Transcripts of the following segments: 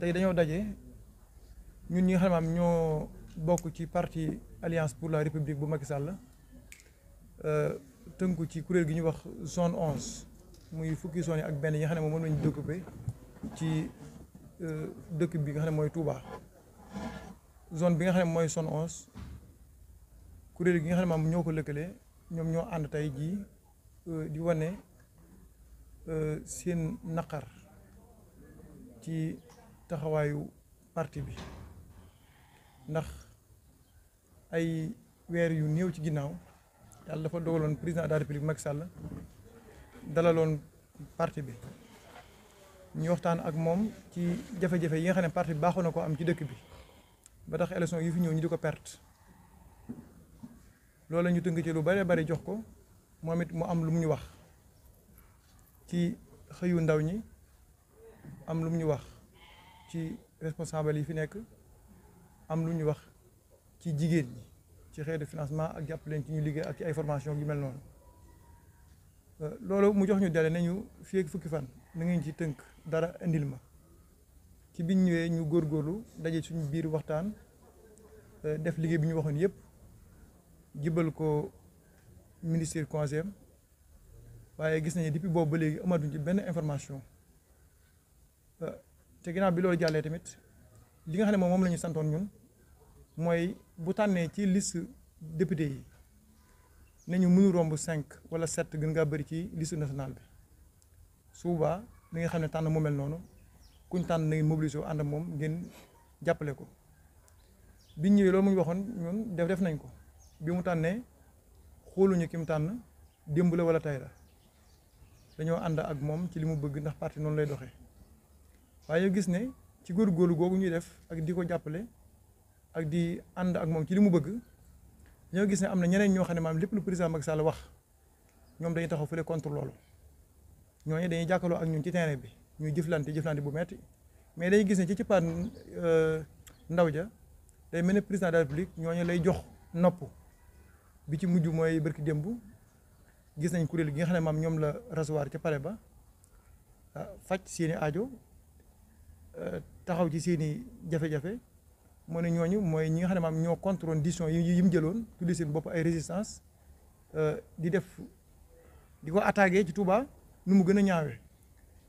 tey dañoo daje ñun ñi nga xam maam ñoo bokk ci parti alliance pour la république bu Macky Sall euh, tënku ci kuréel gi ñu wax zone onze muy fukki zone ak benn yi nga xam ne moom moom lañu euh, dëkk bi nga xam ne mooy Touba zone bi nga xam ne mooy sone onze kuréel gi nga xam ne maam ñoo ko lëkkale ñoom ñoo ànd tey jii euh, di wane seen naqar ci taxawaayu parti bi ndax ay weer yu néew ci ginnaaw yàlla dafa dogaloon président de la république Macky Sall dalaloon parti bi ñu waxtaan ak moom ci jafe-jafe yi nga xam ne parti bi baaxoon na ko am ci dëkk bi ba tax élection yi fi ñëw ñu di ko perte loolu la tënk ci lu bare bari jox ko moom it mu am lu mu ñu wax ci xëyu ndaw ñi am lu mu ñu wax ci responsable yi fi nekk am lu ñu wax ci jigéen ñi ci xeetu financement ak jàpp leen ci ñu liggéey ak ci ay yu mel noonu euh, loolu mu jox ñu dale nañu fii ak fukki fan na ngeen ci tënk dara indil ma ci biñ ñëwee ñu góorlu daje suñu biir waxtaan euh, def liggéey bi ñu waxoon yëpp jibal ko ministère conseil waaye gis nañu depuis boobu ba léegi amatuñ ci benn information euh, te ginnaaw bi loolu jàllee tamit li nga xam ne moom moom la ñu santoon ñun mooy bu tànnee ci liste député yi ne ñu mënu romb cinq wala sept gën ngaa bari ci liste nationale bi su boobaa li nga xam ne tànn mu mel noonu kuñ tànn na ngeen mobilisé ànd ak moom ngeen jàppale ko biñ ñëwee loolu mu waxoon ñun def def nañ ko bi mu tànnee xooluñu ki mu tànn démb la wala tey la dañoo ànd ak moom ci li mu bëgg ndax parti noonu lay doxee. waaye gis ne ci góor góorgóorlu googu ñuy def ak di ko jàppale ak di ànd ak moom ci li mu bëgg ñoo gis ne am na ñeneen ñoo xam ne maam lépp lu président Macky Sall wax ñoom dañuy taxaw fële contre loolu ñooñu dañuy jàkkaloo ak ñun ci terrain bi ñuy jëflante jëflante bu metti mais dañuy gis ne ci ci part euh, ndaw ja day mel ne président de la ñoo ñooñu lay jox nopp bi ci mujj mooy barki démb gis nañ kuréel gi nga xam ne maam ñoom la recevoir ca pare ba ah, faj seeni aajo taxaw ci seen i jafe-jafe mu ne ñooñu mooy ñi nga xam ne maam ñoo contrôle décision yi mu jëloon tuddi seen bopp ay résistance euh, di def di ko attaqué ci Touba nu mu gën a ñaawee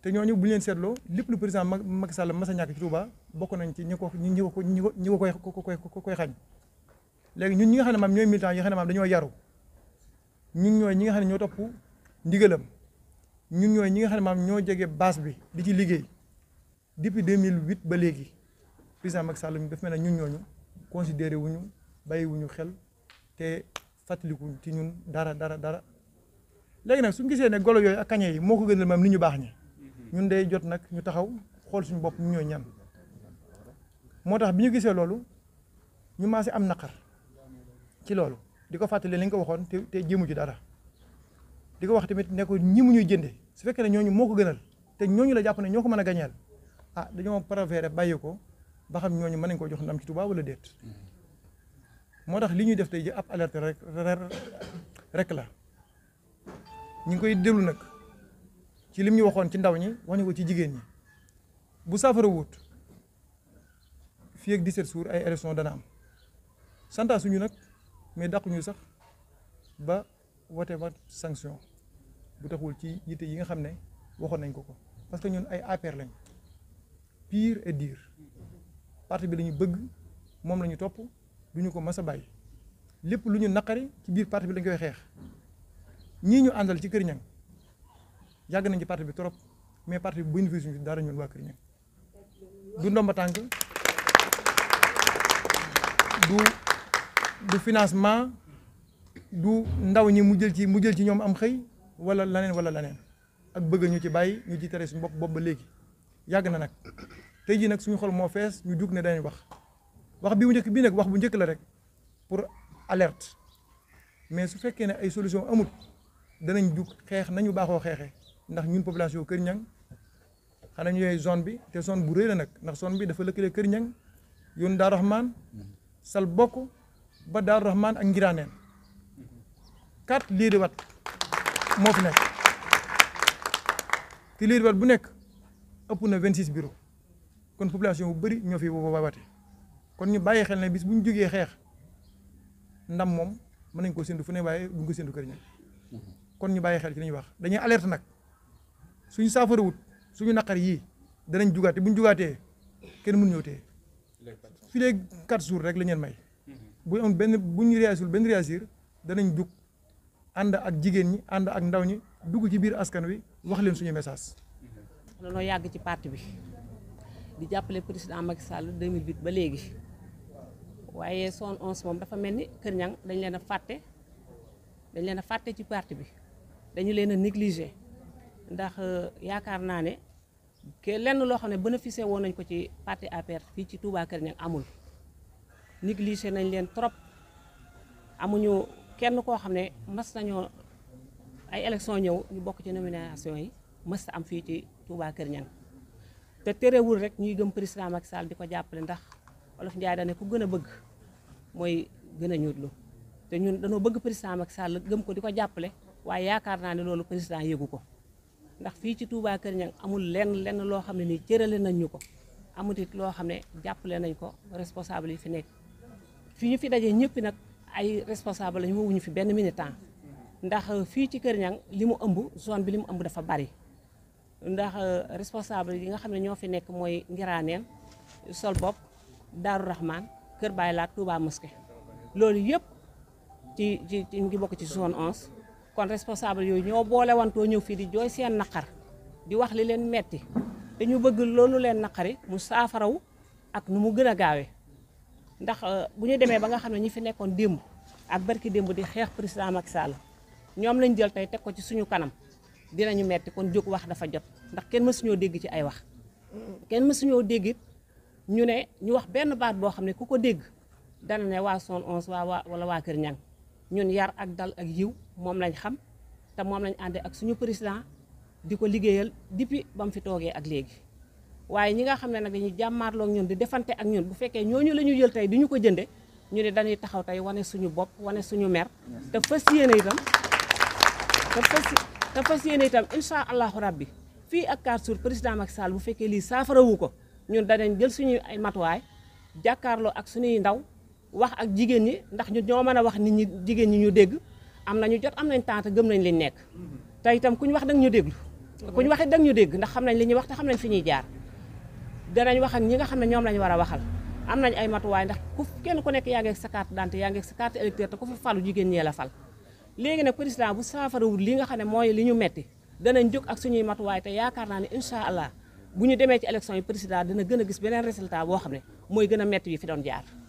te ñooñu bu leen seetloo lépp lu président Macky Sall mas a ñàkk ci Touba bokk nañ ci ñi ko ñi ko ñi ko koy koy xañ léegi ñun ñi nga xam ne maam ñooy militant yi xam ne maam dañoo yaru ñun ñooy ñi nga xam ne ñoo topp ndigalam ñun ñooy ñi nga xam ne maam ñoo jege base bi di ci liggéey depuis 2008 ba léegi président Macky Sall mi daf mel ne ñun ñooñu considéré wuñu bàyyi xel te fàttaliku ci ñun dara dara dara léegi nag suñu gisee ne golo yooyu ak kañe yi moo ko gënal maam nit ñu baax ñi ñun day jot nag ñu taxaw xool suñu bopp ñu ñan moo tax bi ñu gisee loolu ñu maase am naqar ci loolu di ko fàttali li nga ko waxoon te te jéemu ci dara di ko wax tamit ne ko mu ñuy jënde su fekkee ne ñooñu moo ko gënal te ñooñu la jàpp ne ñoo ko mën a gañeel ah dañoo préféré bàyyi ko ba xam ñooñu mën nañ ko jox ndam ci Touba wala déet moo tax li ñuy def tey ji ab alerte rek rek la ñu ngi koy déglu nag ci lim ñu waxoon ci ndaw ñi wax ñu ko ci jigéen ñi bu saafara wut fii ak 17 jours ay élection dana am santa suñu nag mais dàquñu sax ba wote ba sanction bu taxul ci yitte yi nga xam ne waxoon nañ ko ko parce que ñun ay APR lañ pire et dire parti bi la ñu bëgg moom la ñu topp du ñu ko mës a bàyyi lépp lu ñu naqari ci biir parti bi la ñu xeex ñii ñu àndal ci kër ñang yàgg nañ ci parti bi trop mais parti bi bénéfice ñu dara ñun waa kër ñang du ndomba du du financement du ndaw ñi mu jël ci mu jël ci ñoom am xëy wala laneen wala laneen ak bëgg ñu ci bàyyi ñu ci tere suñu bopp bopp ba léegi yàgg na nag tey jii nag suñu xol moo fees ñu jug ne dañuy wax wax bi bu njëkk bii nag wax bu njëkk la rek pour alerte mais su fekkee ne ay solution amul danañ jug xeex nañu baaxoo xeexe ndax ñun population Kër Niang xanaa ñu yooyu zone bi te zone bu rëy la nag ndax sone bi dafa lëkkale Kër Niang yoon Daaru Rahman sal bokk ba Daaru Rahman ak Ngiraaneen quatre liiri wat moo fi nekk te liiri wat bu nekk ëpp na vingt 26 bureau kon population bu bëri ñoo fi waawate kon ñu bàyyi xel ne bis bu ñu jógee xeex ndam moom mën nañ ko séntu fu ne waaye duñ ko séntu kër ña kon ñu bàyyi xel ci li ñuy wax dañuy alerte nag suñu saafara wut suñu naqar yii danañ jugaate bu ñu jugaatee kenn mën ñëw tee fii quatre jours rek la ñeen may mhm. bu am benn bu ñu réagirul benn réagir danañ jug ànd ak jigéen ñi ànd ak ndaw ñi dugg ci biir askan wi wax leen suñu message danoo yàgg ci parti bi di jàppale président Macky Sall 2008 ba léegi waaye son onze moom dafa mel ni Kër Ñang dañ leen a fàtte dañ leen a fàtte ci parti bi dañu leen a négligé ndax euh, yaakaar naa ne lenn loo xam ne bénéficié woon nañ ko ci parti APR fii ci Touba Kër Ñang amul négligé nañ leen trop amuñu kenn koo xam ne mas nañoo ay élection ñëw ñu bokk ci nomination yi mësta am fii ci Touba Kër Niang te terewul rek ñuy gëm président Macky Sall di ko jàppale ndax olof Ndiaye dane ku gën a bëgg mooy gën a ñuutlu te ñun dañoo bëgg président Macky Sall gëm ko di ko jàppale waaye yaakaar naa ne loolu président yëgu ko ndax fii ci Touba Kër Niang amul lenn lenn loo xam ne nii cërale nañ ñu ko amul it loo xam ne jàppale nañ ko responsable yi fi nekk fi ñu fi dajee ñëpp nag ay responsable lañu wowuñu fi benn militant ndax fii ci Kër Niang li mu ëmb zone bi li mu ëmb dafa bari ndax euh, responsable yi nga xam ne ñoo fi nekk mooy Ngiraaneen sol bopp Daaru Rahman Kër Baay Laat Touba Mosquée loolu yëpp ci ci ci ngi bokk ci zone 11 kon responsable yooyu ñoo boole wantoo ñëw fii di jooy seen naqar di wax li leen metti te ñu bëgg loolu leen naqari mu saafaraw ak nu mu gën a gaawee ndax euh, bu ñu demee ba nga xam ne ñu fi nekkoon démb ak barki démb di xeex président Macky Sall ñoom lañ jël tey teg ko ci suñu kanam dinañu metti kon jóg wax dafa jot ndax kenn mësuñoo dégg ci ay wax kenn mësuñoo dégg ñu ne ñu wax benn baat boo xam ne ku ko dégg dana ne waa son onze waa waa wala waa Kër Ñang ñun yar ak dal ak yiw moom lañ xam te moom lañ àndee ak suñu président di ko liggéeyal depuis ba mu fi toogee ak léegi waaye ñi nga xam ne nag dañuy jàmmaarloog ñun di defante ak ñun bu fekkee ñooñu la ñu jël tey di ñu ko jënde ñu ne dañuy taxaw tey wane suñu bopp wane suñu mer te fas yéene itam te fas yéene itam incha allahu rabbi fii ak quatre jours président Macky Sall bu fekkee lii saafarawu ko ñun danañ jël suñu ay matuwaay jàkkaarloo ak suñuy ndaw wax ak jigéen ñi ndax ñu ñoo mën a wax nit ñi jigéen ñi ñu dégg am ñu jot am nañ temps gëm nañ liñ nekk te itam ku ñu wax danga ñu déglu ku ñu waxee danga ñu dégg ndax xam nañ li ñuy wax te xam nañ fi ñuy jaar danañ wax ak ñi nga xam ne ñoom lañ war a waxal am nañ ay matuwaay ndax ku kenn ku nekk yaa ngeeg sa carte d'identité yaa ngeeg falu jigéen ñee la fal léegi nag président bu saafarawul li nga xam ne mooy li ñu metti danañ jóg ak suñuy matuwaay te yaakaar naa ne incha allah bu ñu demee ci élection yi président dina gën a gis beneen résultat boo xam ne mooy gën a metti bi fi doon jaar